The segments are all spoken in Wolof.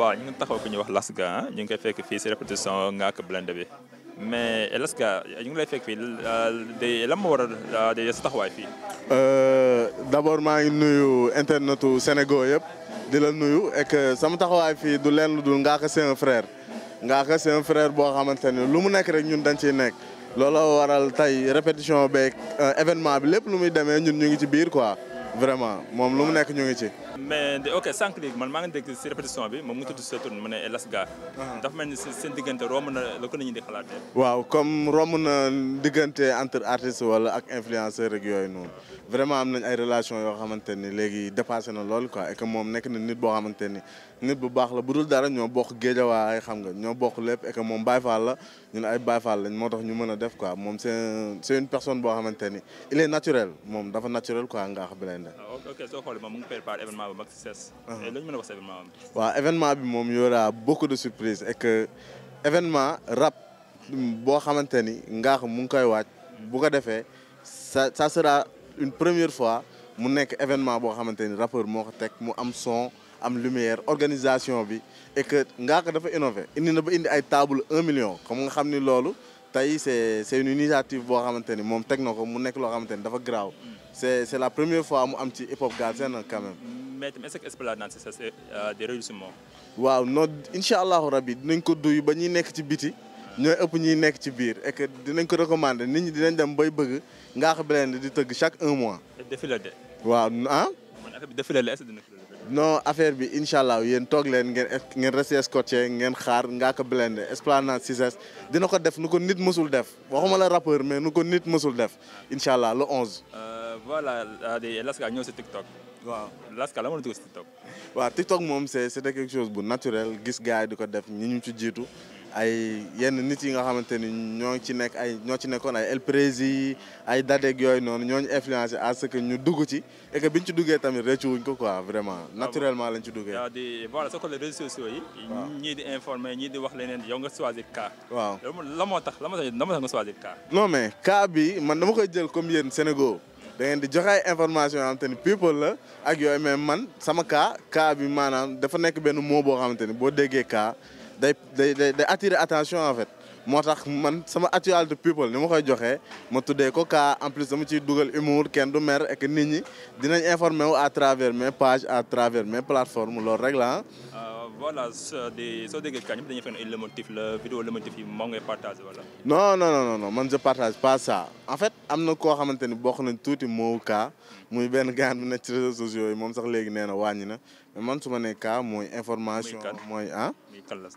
waaw ñu ngi taxaw ku ñuy wax Lasga ah, ñu ngi koy fekk fii si répétition Ngaaka Blindé bi mais eh, Lasga ñu ngi lay fekk fii euh, day lan moo war a euh, day sa taxawaay fii. Euh, d'abord maa ngi nuyu internetu Sénégal yëpp di la nuyu ek sama taxawaay fii du leen lu dul Ngaaka c'est un frère. Ngaaka c'est un frère boo xamante ne lu mu nekk rek ñun dañ ciy nekk looloo waral tey répétition beeg événement bi lépp lu muy demee ñun ñu ngi ci biir quoi. vraiment moom lu mu nekk ñu ngi ci. mais ok sànq léegi man maa ngi dégg si répétition bi moom mu tudd sa tournée mu ne Las Ga. Uh-huh. seen diggante romb na la ko nit ñi di xalaatee. waaw comme romb na diggante entre artistes wala ak influenceurs rek yooyu noonu vraiment am nañ ay relation yoo xamante ni léegi dépassé na lool quoi et moom nekk na nit boo xamante ni nit bu baax la bu dul dara ñoo bokk géejawaay xam nga ñoo bokk lépp et moom Baye Fall la ñun ay Baye Fall lañ moo tax ñu mën a def quoi moom c'est c'est une personne boo xamante ni il est naturel moom dafa naturel quoi nga xam gaynde ah, ok soo xoolee moom mu ngi préparé événement ah. eh, événement bi. moom y aura beaucoup de surprises ek que événement rap boo xamante ni Ngaax mu ngi koy waaj bu ko defee sa ça sera une première fois mu nekk événement boo xamante ni rappeur moo ko teg mu am son am lumière organisation bi et que Ngaax dafa innové indi na ba indi ay table un million comme nga xam ni loolu tey c'est c'est une initiative boo xamante ni moom teg na ko mu nekk loo xamante ni dafa garaaw. c'est c'est la première fois mu am ci hip hop Galsen quand même. mais tamit est-ce que euh, waaw non incha allahu rabi dinañ ko duy ba ñuy nekk ci biti. ñooy ëpp ñuy nekk ci biir et que dinañ ko recommander nit ñi dinañ dem bay bëgg ngaa xam ne di tëgg chaque un mois. défi la waaw ah. man affaire bi défi non affaire bi incha allah yéen toog leen ngeen ngeen resté scotché ngeen xaar ngaa ko blende Esplanade Cissesse dina ko def nu ko nit mësul def waxuma la rappeur mais nu ko nit mësul def incha allah le 11. voilà Laska ñëw si TikTok. waaw Laska la ma la dugg si TikTok. waaw TikTok moom c' est c' était quelque chose bu naturel gis gars yi di ko def ñi ñu ci jiitu ay yenn nit yi nga xamante ni ñoo ci nekk ay ñoo ci nekkoon ay El Prési ay Dadeg yooyu noonu ñooñu influencé à ce que ñu dugg ci et que biñ ci duggee tamit rëccu wuñ ko quoi vraiment ah naturellement lañ ci duggee. waaw di voilà soo ko les réseaux sociaux yi. ñii di informer ñii di wax leneen yow nga choisir cas. waaw la moo tax la moo tax nga choisir cas. non mais cas bi man dama koy jël comme yéen Sénégal. da di joxe ay information yoo xamante ni la ak yooyu mais man sama kaa cas bi maanaam dafa nekk benn mot boo xamante ni boo déggee cas day day day attirer attention en fait moo tax man sama actualité people ni ma koy joxee ma tuddee ko cas en plus dama ciy dugal humour kenn du mer et nit ñi dinañ informer wu à travers mes pages à travers mes plateformes loolu rek la ah. Ah, voilà soo déggee kañ dañuy fekk ne Lemotif la vidéo Lemotif yi moo ngay partagé wala. non non man je partage pas ça en fait am na koo xamante ni bokk nañ tuuti ka muy benn gaan bi nekk ci réseaux sociaux yi moom sax léegi nee na wàññi na man su ma nee cas mooy information. mooy ah.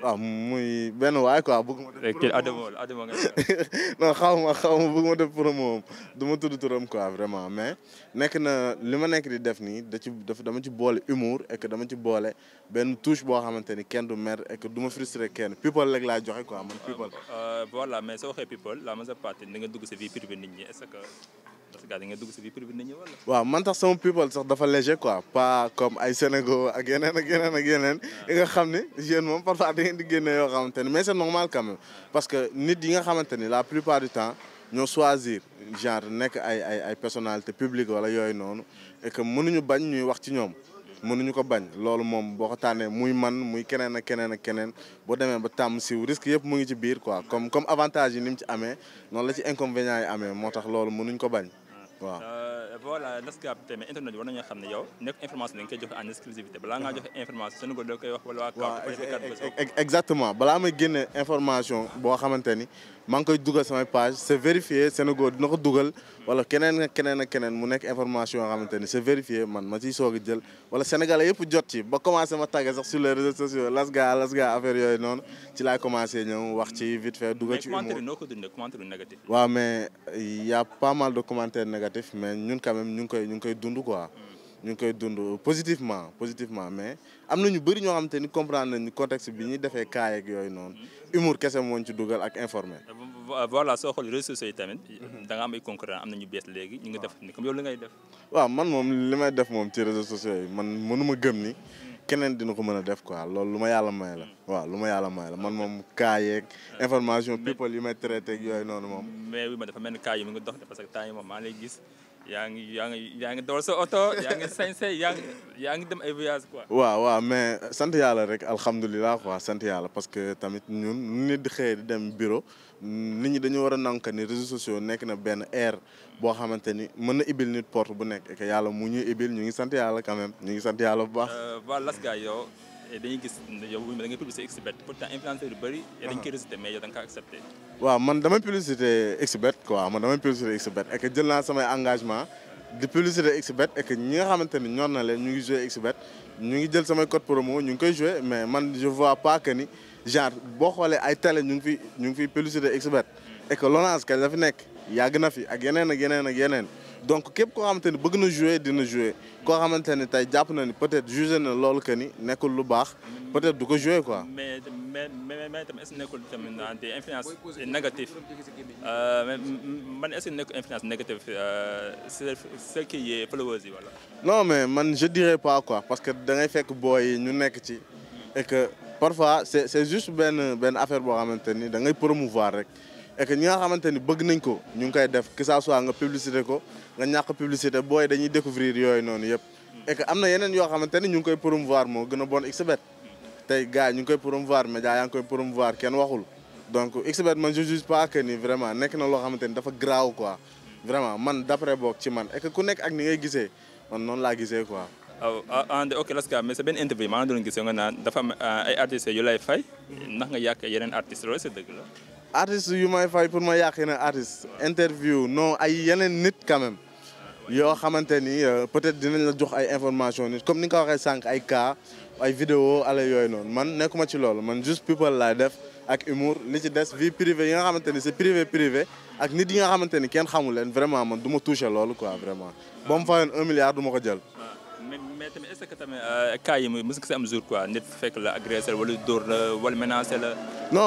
waaw ah, muy benn waay quoi bëgg ma eh, def. promo non xaw ma xaw ma bëgg ma def promo du ma tudd turam quoi vraiment mais nekk na li ma nekk di def nii da ci dama ci boole humour et dama ci boole benn touche boo xamante ni kenn du mer et que du kenn people rek laa joxe ko man people. Euh, voilà mais soo waxee people la majeure nga dugg sa vie privée nit ñi est-ce gars da nga dugg si vie privée nit ñi wala. waaw man tax sama people sax dafa léger quoi pas comme ay Sénégal ak yeneen ak yeneen a yeneen. Ah. yi nga xam ne jeune moom parfois da ngeen di génne yoo xamante ne mais c'est normal quand ah. parce que nit yi nga xamante ni la plupart du temps ñoo choisir genre nekk ay ay ay publique wala yooyu noonu et que mënuñu bañ ñuy wax ci ñoom. mënuñu ko bañ loolu moom boo ko tànnee muy man muy keneen a keneen ak keneen boo demee ba tàmm siw risque yëpp mu ngi ci biir quoi comme comme avantage yi ni mu ci amee noonu la ci inconvénients yi amee moo tax loolu mënuñ ko bañ waaw eh, voilà Lascap nekk information da nga koy joxe en exclusivité exactement balaa may génne information boo xamante ni koy dugal samay page c'est vérifié Sénégal dina ko dugal wala keneen ak keneen ak keneen mu nekk information yoo c'est vérifié man ma ciy soog a jël wala sénégalais yëpp jot ci ba commencé ma tàgge sax sur les réseaux sociaux Lasga Lasga affaire yooyu noonu ci laay commencé ñëw wax ci vite fait dugal ci humour waaw mais y a pas mal quand même ñu ngi koy ñu ngi koy dund quoi. ñu ngi mais am na ñu bëri ñoo xam te ni comprendre nañu contexte ñuy defee kaay yooyu noonu. moo ci dugal ak informé. Euh, voilà soo xool réseaux sociaux yi tamit. da def ni comme man moom li may ni. keneen dina ko mën a def quoi loolu lu ma yàlla may la. waaw lu ma yàlla may la man moom cas yeeg information people yi may traité yooyu noonu moom. mais oui ma dafa mel ni cas yi mu ngi dox parce que moom yaa ngi yaa ngi yaa ngi door sa oto yaa ngi sañse yaa ngi yaa ngi dem ay voyage quoi. waaw waaw mais sant yàlla rek alhamdulilah quoi sant yàlla parce que tamit ñun nit di xëy di dem bureau nit ñi dañu war a nangu ni réseaux sociaux nekk na benn air boo xamante ni mën na ibil nit porte bu nekk et que yàlla mu ñuy ibil ñu ngi sant yàlla quand même ñu ngi sant yàlla bu baax. waa Lasga yow. e dañuy gis yow da ngay publicité Xbet pourtant influenceur yu bëri. dañ uh-huh. koy rejeté mais yow da nga kaa accepté. man damay publicité Xbet quoi man damay publicité Xbet et que jël naa samay engagement di publicité Xbet et que ñi nga xamante ni ñor na leen ñu ngi joué Xbet ñu ngi jël samay code moo ñu ngi koy joué mais man je vois pas que ni genre boo xoole ay télé ñu ngi fi ñu ngi fiy publicité Xbet et que Lonase kañ la fi nekk yàgg na fi ak yeneen ak ak yeneen. donc képp koo xamante ni bëgg na jouer dina jouer koo xamante ni tey jàpp na ni peut-être jugé na loolu que ni nekkul lu baax peut-être du ko jouer quoi. mais mais mais tamit est-ce que nekkul des influences négatives euh, man est-ce que nekkul influence négative c'est euh, ce qui est followers non mais man je dirais pas quoi parce que da ngay fekk booy ñu nekk ci et que parfois c'est c'est juste benn benn affaire boo xamante ni da ngay promouvoir rek. et que ñi nga xamante ni bëgg nañ ko ñu ngi koy def que sa soit nga publicité ko nga ñàkk publicité booy dañuy découvrir yooyu noonu yëpp. et am na yeneen yoo xamante ni ñu ngi koy promouvoir moo gën a bon xbet tey gars yi ñu ngi koy promouvoir média yaa ngi koy promouvoir kenn waxul donc xbet man je juge pas que ni vraiment nekk na loo xamante ni dafa graw quoi vraiment man d'après boog ci man et ku nekk ak ni ngay gisee man noonu laa gisee quoi. waaw ah, ah ok las ka mais sa benn interview gisee nga naan dafa am ah, ay artistes lay fay. ndax nga yàq yeneen artistes loolu c'est dëgg la. artiste yu may fay pour ma yàq yeneen artiste interview non ay yeneen nit quand yoo xamante ni euh, peut-être dinañ la jox ay information nit comme ni nga ko waxee sànq ay cas ay vidéo ala yooyu noonu man nekkuma ci lool man juste people laay def ak humour li ci des vie privée yi nga xamante ni c'est privé privé ak nit yi nga xamante ni kenn xamul leen vraiment man du ma touché loolu quoi vraiment ba mu fayoon un milliard du ko jël mais mais tamit est ce que tamit euh, cas yi mos nga si am jour quoi nit fekk la agressé wala dóor la wala menacé la.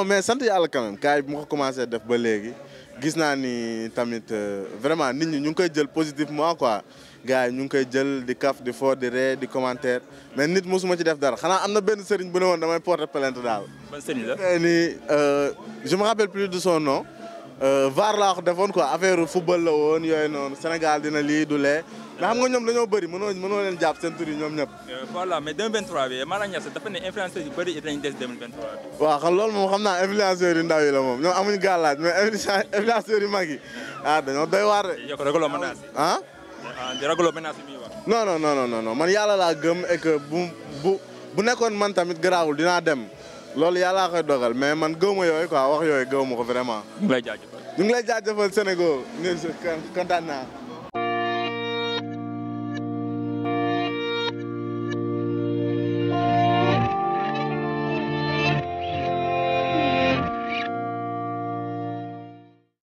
mais sant yàlla quand même cas yi bu commencé def ba léegi gis naa ni tamit euh, vraiment nit ñi ñu ngi koy jël positivement quoi gars yi ñu ngi koy jël di kaf di fo di ree di commentaire mais nit mosuma ci def dara xanaa am na benn sëriñ bu ne woon damay porter plainte daal. ban sëriñ la ni euh, je me rappelle plus de son nom. VAR laa ko defoon quoi affaire football la woon yooyu noonu Sénégal dina lii du lee. mais xam nga ñoom dañoo bëri mënoo mënoo leen jàpp seen tur yi ñoom ñëpp. Euh, voilà mais 2023 bi Mara Niasse dafa ne influenceurs yu bëri dinañ des 2023 bi. waaw xam loolu moom xam naa influenceurs yu ndaw yi la moom ñoom amuñu gàllaaj mais influenceurs yu mag yi ah dañoo doy waar de. yokk ragaloo menace yi ah. ah di ragaloo menace yi man yàlla laa gëm bu bu bu nekkoon man tamit garaawul dinaa dem loolu yàlla koy dogal mais man gëw ma yooyu quoi wax yooyu gëw ma ko vraiment. ñu ngi lay jaajëfal ñu ngi lay